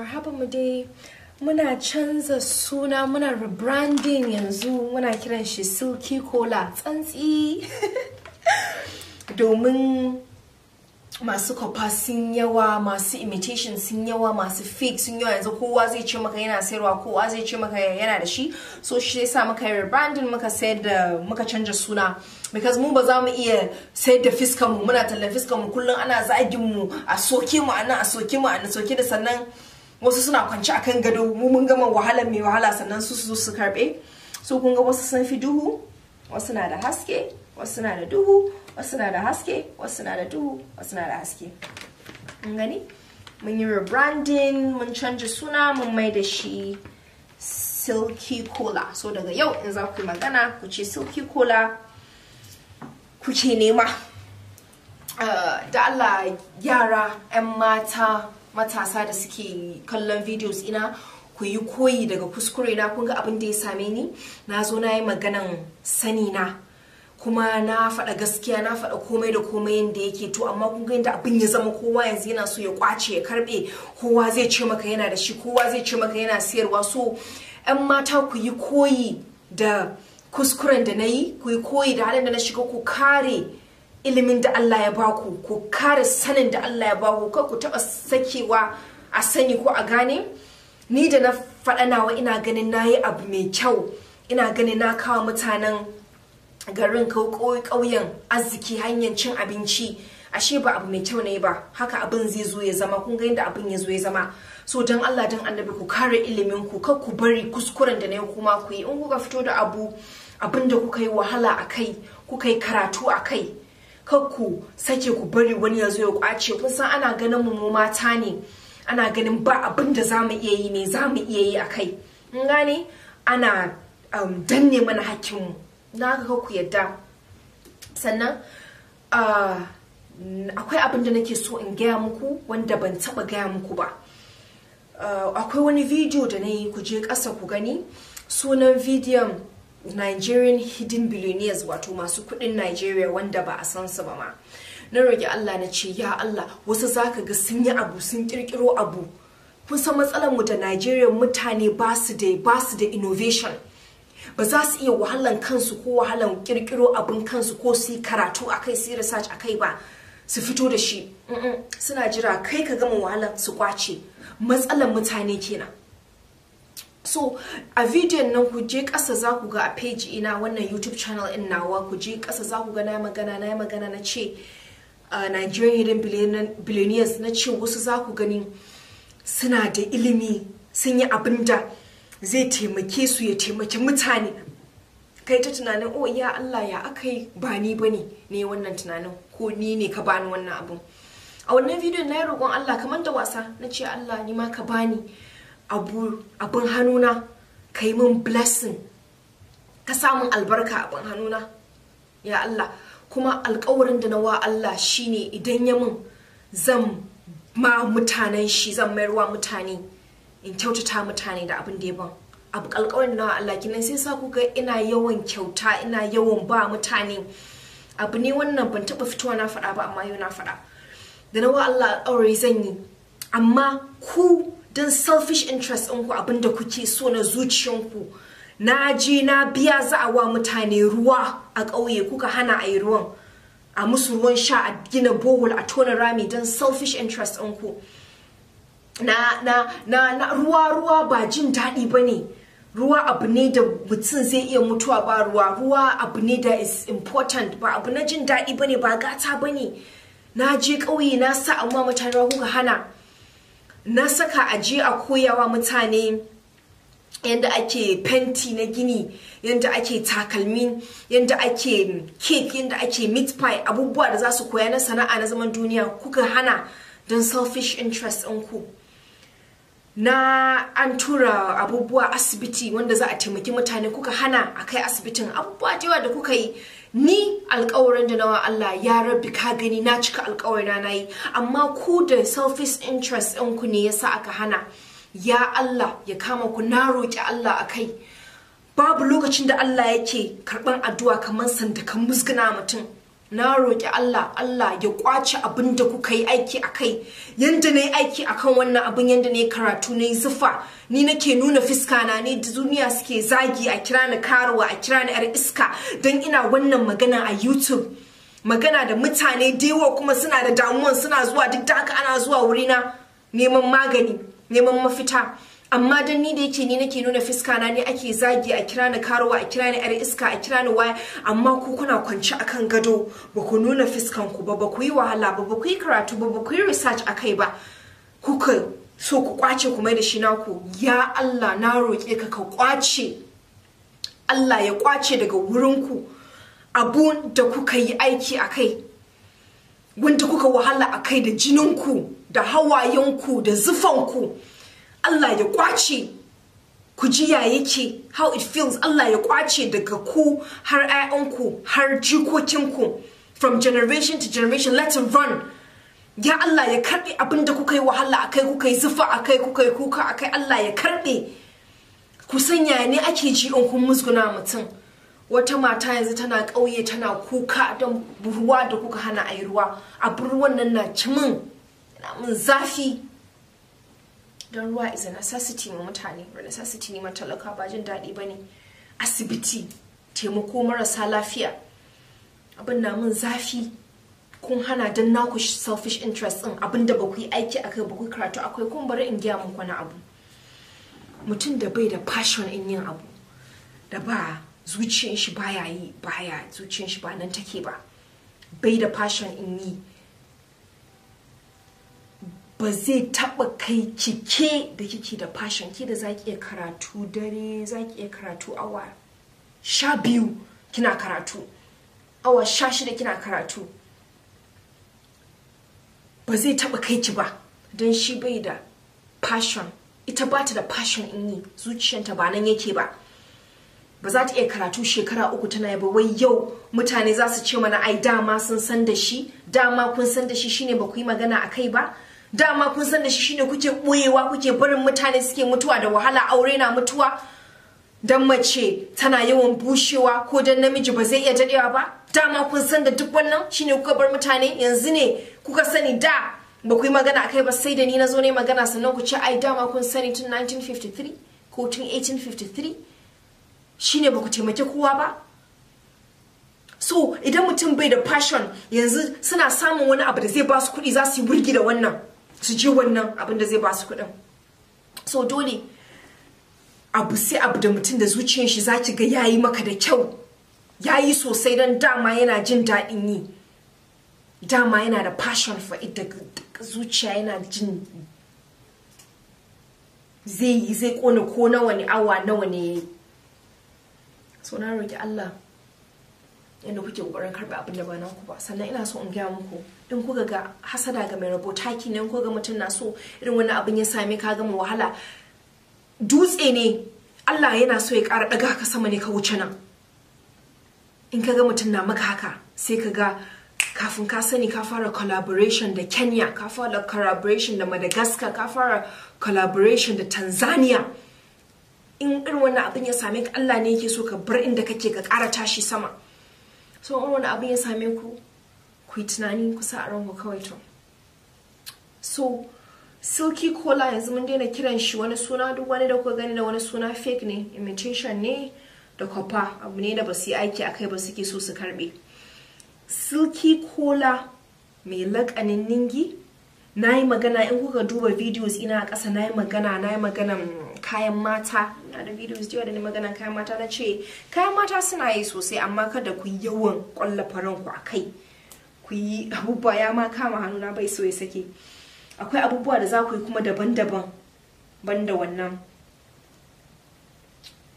marhaban mu dai muna canza suna muna rebranding yanzu muna kiran shi silky cola tsantsi domin masu kwafa sun yawa masu imitation sun yawa masu fake sun yawa yanzu kowa zai ce maka yana sayarwa kowa zai ce maka yana da shi so shi sa maka rebranding muka sayar da muka canza suna because mu ba za mu iya sayar da fiskan mu muna tallan fiskan kullum ana zagin mu a soke mu a a soke mu a soke da sannan wasu suna kwanci akan gado mu mun gama wahalar mai wahala sannan su su su karbe so kun ga wasu sun fi duhu wasu na da haske wasu na da duhu wasu na da haske wasu na da duhu wasu na da haske mun gani mun yi rebranding mun canja suna mun mai da shi silky cola so daga yau in za ku magana ku ce silky cola ku ce nema ah, da Allah yara 'yan mata matasa da suke kallon videos ina ku yi koyi daga kuskure na kun ga abin da ya same ni na zo na yi maganan sani na kuma na faɗa gaskiya na faɗa komai da komai yadda yake to amma kun ga yadda abin ya zama kowa yanzu yana so ya kwace ya karbe kowa zai ce maka yana da shi kowa zai ce maka yana siyarwa so 'yan mata ku yi koyi da kuskuren da na yi ku yi koyi da halin da na shiga ku kare ilimin da Allah ya baku ku kare sanin da Allah ya baku kar ku taba sakewa a sani ko a gane ni da na faɗa nawa ina ganin nayi abu mai kyau ina ganin na kawo mutanen garin ƙauyen arziki hanyar cin abinci ashe ba abu mai kyau ne ba haka abin zai zo ya zama kun ga yadda abin ya zo ya zama so dan Allah dan annabi ku kare ilimin ku kar ku bari kuskuren da na kuma ku yi in kuka fito da abu abin da kuka yi wahala a kai kuka yi karatu akai. kakku ku sake ku bari wani ya zo ya kwace kun san ana ganin mu mata ne ana ganin ba abin da za iya yi ne zamu iya yi a kai in gane ana um, danne mana mu na ga kakku yadda sannan ah, akwai abin da nake so in gaya muku wanda ban taba gaya muku ba ah, akwai wani video da na yi ku je ƙasa ku gani sunan bidiyon Nigerian hidden billionaires wato masu kudin Nigeria wanda ba a san su ba ma. Na roki Allah na ce ya Allah wasu zaka ga sun yi abu sun kirkiro abu. Kun san matsalar mu da Nigeria mutane ba su da ba su da innovation. Ba za su iya wahalan kansu ko wahalan kirkiro abun kansu ko su karatu akai su yi research akai ba. su fito da shi suna jira kai ka gama wahalan su kwace matsalan mutane kenan so a bidiyon nan ku je kasa za ku ga a page ina wannan youtube channel in nawa ku je kasa za ku ga na magana na magana na ce nigerian hidden billionaires na ce wasu za ku gani suna da ilimi sun yi abin da zai taimake su ya taimaki mutane kai ta tunanin oh ya allah ya aka yi ba ni ba ne ne wannan tunanin ko ni ne ka bani wannan abin a wannan bidiyon na yi roƙon allah kamar da wasa na ce allah ni ma ka bani abun hannuna ka yi min blessing ka samun albarka abin hannuna ya Allah kuma alkawarin da na wa Allah shine idan ya min zan ma mutanen shi zan mayarwa mutane in kyautata mutane da abin da ya ban abu alkawarin da na wa Allah kinan sai sa kuka ina yawan kyauta ina yawan ba mutane abu ne wannan ban taba fitowa na faɗa ba amma yau na faɗa da na wa Allah alkawari zan yi amma ku don selfish interest ɗinku abinda kuke so na zuciyanku na je na biya za a wa mutane ruwa a ƙauye kuka hana a yi ruwan a musu ruwan sha a gina bohol a tona rami don selfish interest ɗinku na, na, na, na ruwa ruwa ba jin daɗi ba ne ruwa abu ne da mutum zai iya mutuwa ba ruwa ruwa abu ne da is important ba abu na jin daɗi ba ba gata bane. ne na je ƙauye na sa amma mutane ruwa kuka hana na saka aje a koyawa mutane yadda ake fenti na gini yadda ake takalmi yadda ake cake yadda ake meat pie abubuwa da za su koya na sana'a na zaman duniya kuka hana don selfish interest ku na an tura abubuwa asibiti wanda za a taimaki mutane kuka hana a kai asibitin abubuwa da da kuka yi ni alkawarin da nawa Allah ya rabbi ka gani na cika alkawarina na yi amma ku da selfish interest ku ne yasa aka hana ya Allah ya kama ku na roƙi Allah a kai babu lokacin da Allah yake karɓan addu'a kamar sanda kan musguna mutum na roƙi Allah Allah ya kwace abin da kuka yi aiki a kai yadda na yi aiki akan wannan abin yadda na yi karatu na yi zufa ni nake nuna fiska na ne da duniya suke zagi a kira ni karuwa a kira ni yar iska don ina wannan magana a youtube magana da mutane dewa kuma suna da damuwan suna zuwa duk da haka ana zuwa wurina neman magani neman mafita amma dan ni da yake ni nake nuna fiska na ne ake zagi a kira ni karuwa a kira ni yar iska a kira ni waya amma ku kuna kwanci akan gado ba ku nuna fuskan ku ba ba ku yi wahala ba ba ku yi karatu ba ba ku yi research akai ba kuka so ku kwace ku mai da shi naku ya Allah na roƙe ka ka kwace Allah ya kwace daga ku abun da kuka yi aiki akai wanda kuka wahala akai da jinin ku da hawayen ku da ku. Allah ya kwace ku ji ya yake how it feels Allah ya kwace daga ku har ayyanku har jikokinku from generation to generation let it run ya Allah ya karbe abin da kuka yi wahala akai kuka yi zufa akai kuka yi kuka akai Allah ya karbe ku sanya ne ake ji in kun musguna mutum wata mata yanzu tana ƙauye tana kuka don ruwa da kuka hana a yi ruwa abin ruwan nan na cimin na mun zafi don ruwa is a necessity ma mutane ba necessity ne matalaka ba jin daɗi bane asibiti taimako marasa lafiya abin na mun zafi kun hana don naku selfish interest din abin da ba ku yi aiki akai ba ku karatu akwai kun bari in gaya muku wani abu mutum da bai da passion in yin abu da ba zuciyar shi baya yi baya zuciyar shi ba nan take ba bai da passion in yi bazai zai taba kai kike da kike da fashion ki da zaki iya karatu dare zaki iya karatu awa sha biyu kina karatu awa sha shida kina karatu ba zai taba kai ki ba don shi bai da fashion ita ba ta da fashion in yi zuciyanta ba nan yake ba ba za ta iya karatu shekara uku tana yaba wai yau mutane za su ce mana ai dama sun san da shi dama kun san da shi shine ba ku yi magana a kai ba dama kun san da shi shine kuke boyewa kuke barin mutane suke mutuwa da wahala aure na mutuwa dan mace tana yawan bushewa ko dan namiji ba zai iya dadewa ba dama kun san da duk wannan shine kuka bar mutane yanzu ne kuka sani da ba ku yi magana akai ba sai da ni na zo ne magana sannan ku ce ai dama kun sani tun 1953 ko tun 1853 shine ba ku taimake kowa ba so idan mutum bai da passion yanzu suna samun wani abu da zai ba su kuɗi za su yi wurgi da wannan su je wannan abin da zai ba su kuɗin so dole abu sai abu da mutum da zuciyar shi za ki ga yayi maka da kyau yayi sosai don dama yana jin daɗin yi dama yana da passion for it da zuciya yana jin zai yi zai kona ko nawa ne awa nawa ne so na roki Allah yanda kuke kokarin karɓi abin da ba nan ku ba sannan ina so in gaya muku in kuka ga hasada ga mai rabo ki ne kuka ga mutum na so irin wani abin ya same ka gama wahala dutse ne Allah yana so ya kara ɗaga ka sama ne ka wuce nan in ka ga mutum na maka haka sai ka ga kafin ka sani ka fara collaboration da Kenya ka fara collaboration da Madagascar ka fara collaboration da Tanzania in irin wannan abin ya same ka Allah ne yake so ka bar inda kake ka kara tashi sama so in wani abu ya same ku ku yi tunani kusa a ranku kawai to so silky cola yanzu mun daina kiran shi wani suna duk wani da kuka gani da wani suna fake ne imitation ne da kwafa abu ne da ba su yi aiki akai ba suke so su karbe silky cola mai lakanin ningi na yi magana in kuka duba videos ina a ƙasa na yi magana na yi magana kayan mata na da videos da da ni maganan kayan mata na ce kayan mata suna yi sosai amma kada ku yawan kwallafa faran a kai ku yi abubuwa ya ma kama hannu na bai so ya sake akwai abubuwa da za ku yi kuma daban-daban banda wannan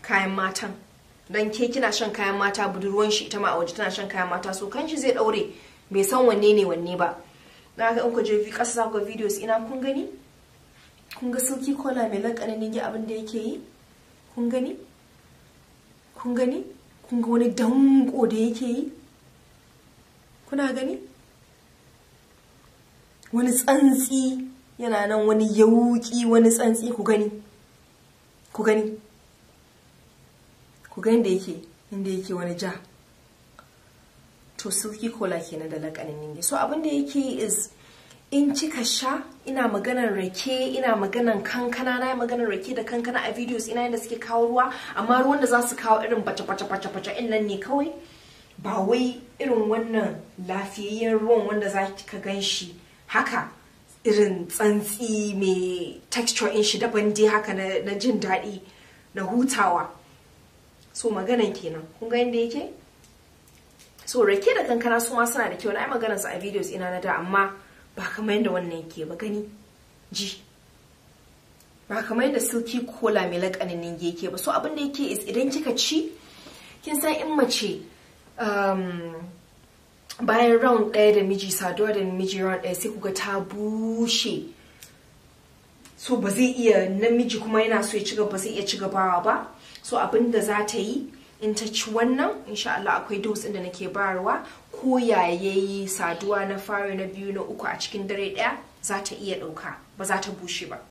kayan matan dan ke kina shan kayan mata budurwan shi ita ma a waje tana shan kayan mata so kan shi zai daure bai san wanne ne wanne ba na ga in ku je kasa za ku videos ina kun gani Kunga ga sauki kola mai laƙanin ya abin da yake yi kun gani kun gani kun ga wani danko da yake yi kuna gani wani tsantsi yana nan wani yauki wani tsantsi ku gani ku gani ku gani da yake inda yake wani ja to silky kola kenan da laƙanin ninge so abin da yake is in cika sha ina maganar rake ina maganar kankana na maganar rake da kankana a videos ina yadda suke kawo ruwa amma ruwan da za su kawo irin bace bace bace bace in nan ne kawai ba wai irin wannan lafiyayyen ruwan wanda za ka gan shi haka irin tsantsi mai texture in shi daban dai haka na jin daɗi na hutawa so maganan kenan kun ga yadda yake so rake da kankana su ma suna da kyau na yi maganar a videos ina na da amma ba kamar yadda wannan yake ba gani ji ba kamar yadda silki kola mai lakanin yake ba so abin da yake is idan kika ci kin san in mace um, bayan round ɗaya da miji saduwa da miji round ɗaya sai kuga ta bushe so ba zai iya namiji kuma yana so ya ci gaba zai iya ci gabawa ba so abin da za ta yi in ta ci wannan insha'Allah Allah akwai dose da nake bayarwa ko yaye yi saduwa na fari na biyu na uku a cikin dare daya za ta iya ɗauka ba za ta bushe ba